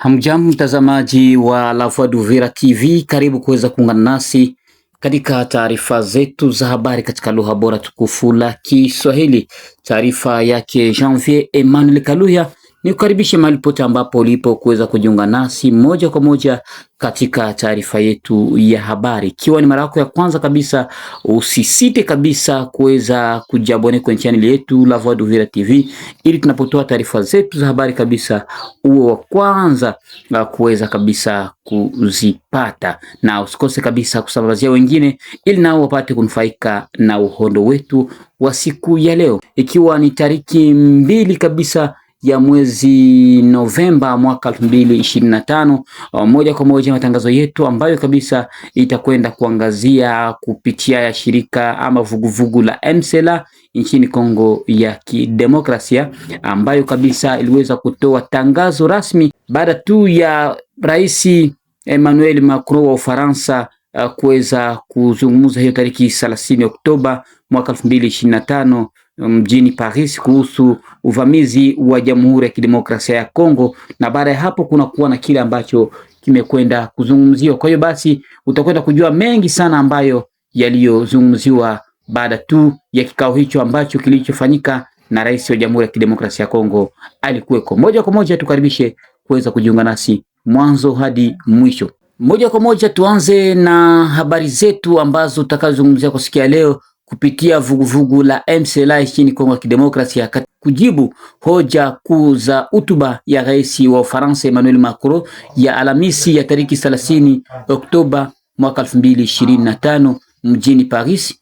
Hamjambo mtazamaji wa La Voix d'Uvira TV, karibu kuweza kuungana nasi katika taarifa zetu za habari katika lugha bora tukufu la Kiswahili. Taarifa yake Janvier Emmanuel Kaluya ni kukaribishe mahali pote ambapo ulipo kuweza kujiunga nasi moja kwa moja katika taarifa yetu ya habari. Ikiwa ni mara yako ya kwanza kabisa, usisite kabisa kuweza kujabone kwenye chaneli yetu La Voix d'Uvira TV, ili tunapotoa taarifa zetu za habari kabisa uwe wa kwanza uh, kuweza kabisa kuzipata, na usikose kabisa kusambazia wengine, ili nao wapate kunufaika na uhondo wetu wa siku ya leo, ikiwa ni tariki mbili kabisa ya mwezi Novemba mwaka 2025, uh, moja kwa moja matangazo yetu ambayo kabisa itakwenda kuangazia kupitia ya shirika ama vuguvugu la Msela nchini Kongo ya Kidemokrasia ambayo kabisa iliweza kutoa tangazo rasmi baada tu ya Rais Emmanuel Macron wa Ufaransa uh, kuweza kuzungumza hiyo tariki 30 Oktoba mwaka 2025 mjini Paris kuhusu uvamizi wa Jamhuri ya Kidemokrasia ya Kongo, na baada ya hapo kuna kuwa na kile ambacho kimekwenda kuzungumziwa. Kwa hiyo basi utakwenda kujua mengi sana ambayo yaliyozungumziwa baada tu ya kikao hicho ambacho kilichofanyika na rais wa Jamhuri ya Kidemokrasia ya Kongo alikuweko. Moja kwa moja tukaribishe kuweza kujiunga nasi mwanzo hadi mwisho. Moja kwa moja tuanze na habari zetu ambazo tutakazozungumzia kusikia leo, kupitia vuguvugu la MCLA nchini Kongo ya Kidemokrasia kujibu hoja kuu za hotuba ya rais wa Ufaransa Emmanuel Macron ya Alhamisi ya tariki 30 Oktoba mwaka 2025 mjini Paris.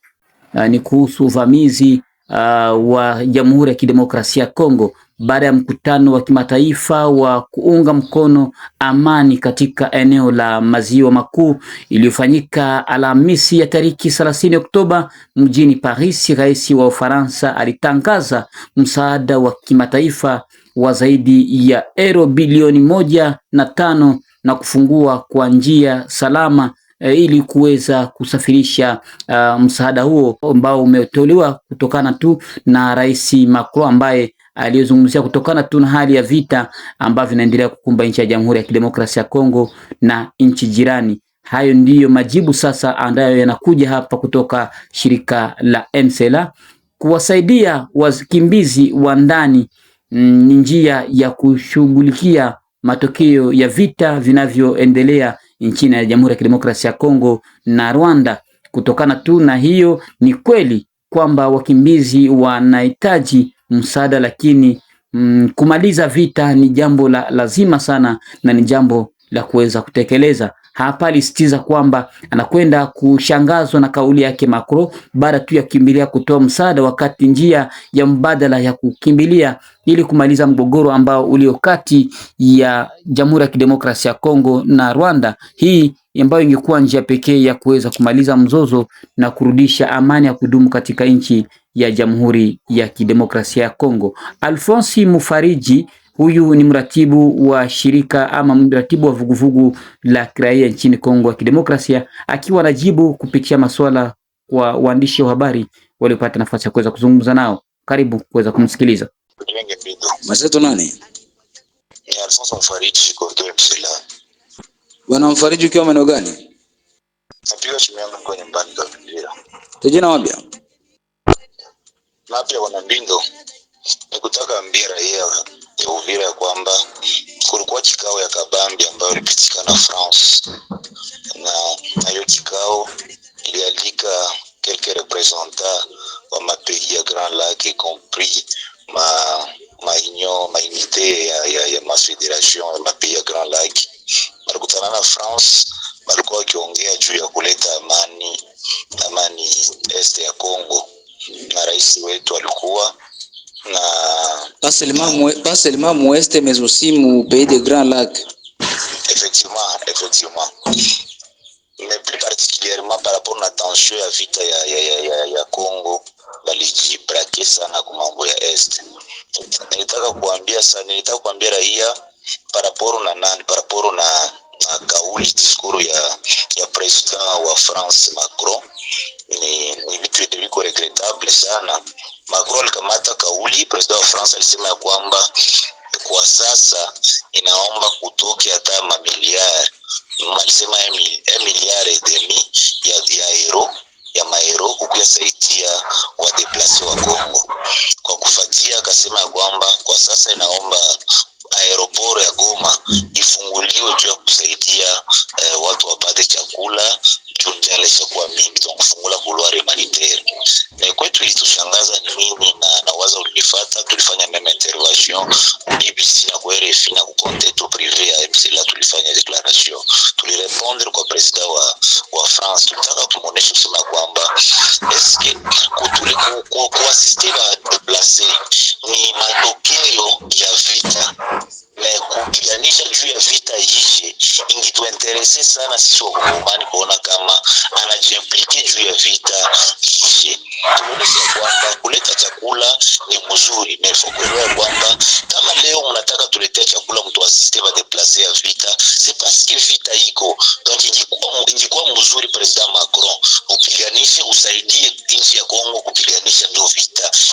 Ah, ni kuhusu uvamizi uh, wa Jamhuri ya Kidemokrasia ya Kongo baada ya mkutano wa kimataifa wa kuunga mkono amani katika eneo la maziwa makuu iliyofanyika Alhamisi ya tariki 30 Oktoba mjini Paris, rais wa Ufaransa alitangaza msaada wa kimataifa wa zaidi ya euro bilioni moja na tano na kufungua kwa njia salama E, ili kuweza kusafirisha uh, msaada huo ambao umetolewa kutokana tu na Rais Macron ambaye aliyozungumzia kutokana tu na hali ya vita ambavyo inaendelea kukumba nchi ya Jamhuri ya Kidemokrasia ya Kongo na nchi jirani. Hayo ndiyo majibu sasa ambayo yanakuja hapa kutoka shirika la MCLA kuwasaidia wakimbizi wa ndani. Mm, ni njia ya kushughulikia matokeo ya vita vinavyoendelea nchini ya Jamhuri ya Kidemokrasia ya Kongo na Rwanda. Kutokana tu na hiyo, ni kweli kwamba wakimbizi wanahitaji msaada, lakini mm, kumaliza vita ni jambo la lazima sana na ni jambo la kuweza kutekeleza. Hapa alisitiza kwamba anakwenda kushangazwa na kauli yake Macron baada tu ya kukimbilia kutoa msaada, wakati njia ya mbadala ya kukimbilia ili kumaliza mgogoro ambao ulio kati ya Jamhuri ya Kidemokrasia ya Kongo na Rwanda, hii ambayo ingekuwa njia pekee ya kuweza kumaliza mzozo na kurudisha amani ya kudumu katika nchi ya Jamhuri ya Kidemokrasia ya Kongo. Alfonsi Mufariji Huyu ni mratibu wa shirika ama mratibu wa vuguvugu la kiraia nchini Kongo ya Kidemokrasia akiwa anajibu kupitia maswala kwa waandishi wa habari waliopata nafasi ya kuweza kuzungumza nao. Karibu kuweza kumsikiliza. Bwana Mfariji, ukiwa maeneo gani? Napia wana Mbindo, nikutaka ambia raia cha Uvira ya kwamba kulikuwa kikao ya kabambi ambayo na France, na nayo kikao ilialika quelques representants wa mapei ya Grand Lac y compris ma maunion maunité ya, ya, ya mafederation ya mapei ya Grand Lac walikutana na France, balikuwa wakiongea juu ya kuleta amani amani este ya Congo, na rais wetu alikuwa na pas seulement pas seulement ouest mais aussi au pays des Grands Lacs. Effectivement, effectivement. Mais plus particulièrement par rapport na tension ya vita ya ya ya ya, ya Congo balijibrake sana kwa mambo ya est. Nilitaka kuambia sana, nilitaka kuambia raia par rapport na nani, par rapport na na kauli diskuru ya ya president wa France Macron ni, ni vitu viko regretable sana. Macron alikamata kauli, president wa France alisema ya kwamba kwa sasa inaomba kutoke hata mamiliari, alisema miliari demi ya, ya euro ya maero saidia wadeplase wa Kongo tuliingilia AFC la tulifanya declaration, tulirepondre kwa president wa, wa France, tulitaka tumuoneshe kusema kwamba eske kuwasiste wa deplace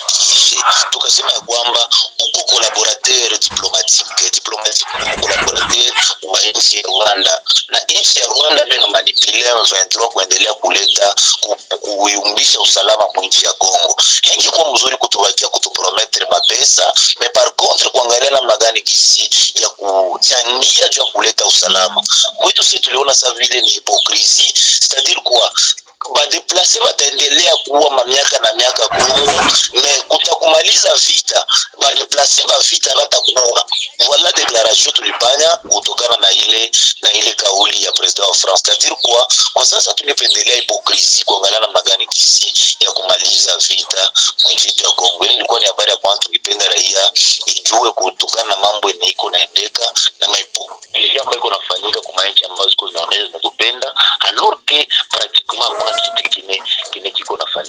tusikie, tukasema ya kwamba uko collaborateur diplomatique diplomatique na collaborateur wa nchi ya Rwanda na nchi ya Rwanda ndio na manipulea M23 kuendelea kuleta kuyumbisha usalama mwinchi ya Kongo. Ingekuwa mzuri kutubakia kutupromettre mapesa me par contre kuangalia namna gani kisi ya kuchangia juu ya kuleta usalama kwetu. Sisi tuliona sa vile ni hipokrisi, c'est-à-dire kwa badeplase bataendelea kuua mamiaka na miaka kuu me kutakumaliza vita badeplase bavita batakuwa wala deklarasio tulipanya kutokana na ile na ile kauli ya president wa France tajiri kwa kwa sasa tulipendelea hipokrisi kuangalia namna gani kisi ya kumaliza vita mwenjitu ya Kongo. Ile ilikuwa ni habari ya kwanza, tungependa raia ijue kutokana na mambo yenye iko naendeka na maipo ile ambayo iko nafanyika kwa nchi ambazo ziko zinaoneza kupenda alorke que pratiquement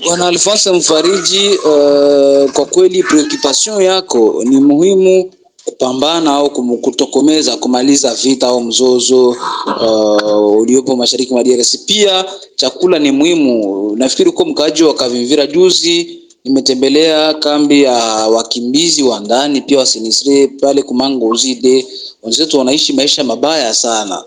Bwana Alphonse Mfariji, uh, kwa kweli preoccupation yako ni muhimu kupambana au kutokomeza kumaliza vita au mzozo uh, uliopo mashariki mwa DRC. Pia chakula ni muhimu. Nafikiri uko mkaaji wa Kavimvira, juzi nimetembelea kambi ya wakimbizi wa ndani, pia wasinisire pale kumango uzide, wenzetu wanaishi maisha mabaya sana.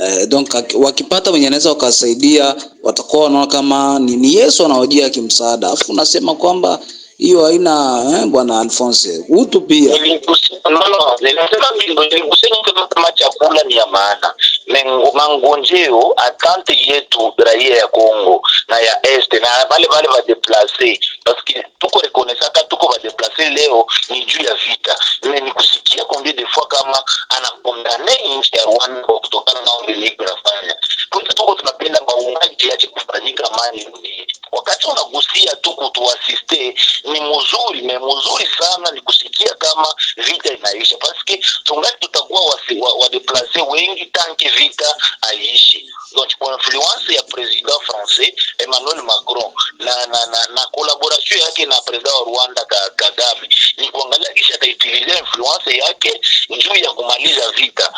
Eh, donc wakipata wenye anaweza wakasaidia, watakuwa wanaona kama ni Yesu anawajia kimsaada, afu nasema kwamba hiyo haina eh, bwana Alphonse utu pia nilikusema no, no, kama chakula ni ya maana mangonjeo atante yetu raia ya congo na ya este na vale vale va deplace paske tuko rekonesaka tuko va leo ni juu ya vita me ni kusikia kombie de fois kama anakondane nchi ya Rwanda kutokana nao nafanya kumbe tuko tunapenda maungaji yache kufanyika mani Wakati unagusia tu kutuasiste ni mzuri, ni mzuri sana, ni kusikia kama vita inaisha, paske tungali tutakuwa wadeplace wa, wa wengi tanke vita aishi. Donc kwa influence ya president français Emmanuel Macron na na na, na collaboration yake na president wa Rwanda Kagame, ni kuangalia kisha ataitilizia influence yake juu ya kumaliza vita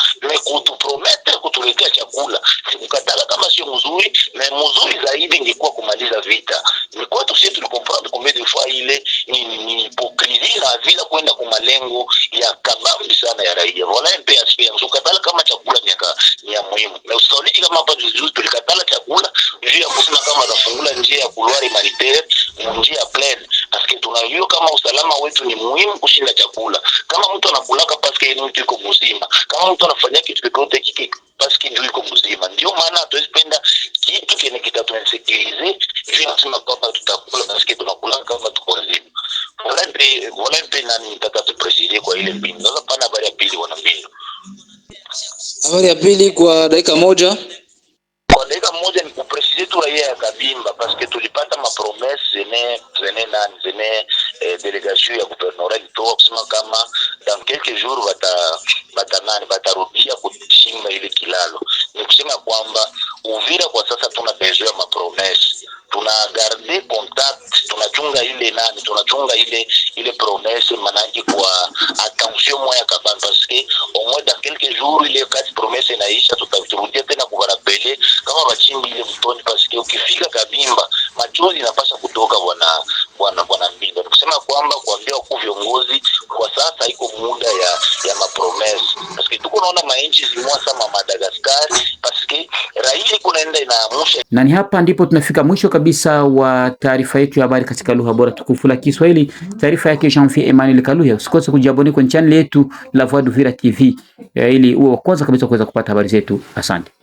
hapa juzi tulikatala chakula juu ya kusema kama atafungula njia ya Kulwari Maritere, njia ya plan paske tunajua kama usalama wetu ni muhimu kushinda chakula. Kama mtu anakulaka paske mtu iko mzima, kama mtu anafanya kitu kikote kiki paske juu iko mzima, ndio maana hatuwezi penda kitu kene kitatuinsekirize juu nasema kwamba tutakula paske tunakulaka kama tuko wazima volante volante nani nitaka tupresizie kwa ile mbinu sasa. Pana habari ya pili, wana mbinu habari ya pili kwa dakika moja. kuimba paske tulipata mapromese zene zene nani zene eh, delegation ya guvernora ilitoa kusema kama dans quelques jours wata hilo linapasha kutoka bwana bwana bwana Mbinda, nikusema kwamba kuambia wakuu viongozi kwa sasa iko muda ya ya mapromesi, paske tuko naona mainchi zimwa sama Madagaskari, paske raia iko naenda inaamusha. Na ni hapa ndipo tunafika mwisho kabisa wa taarifa yetu ya habari katika lugha bora tukufu la Kiswahili, taarifa yake Jean-Pierre Emmanuel Kaluya. Usikose kujiabonea kwenye channel yetu La Voix d'Uvira TV eh, ili uwe wa kwanza kabisa kuweza kupata habari zetu. Asante.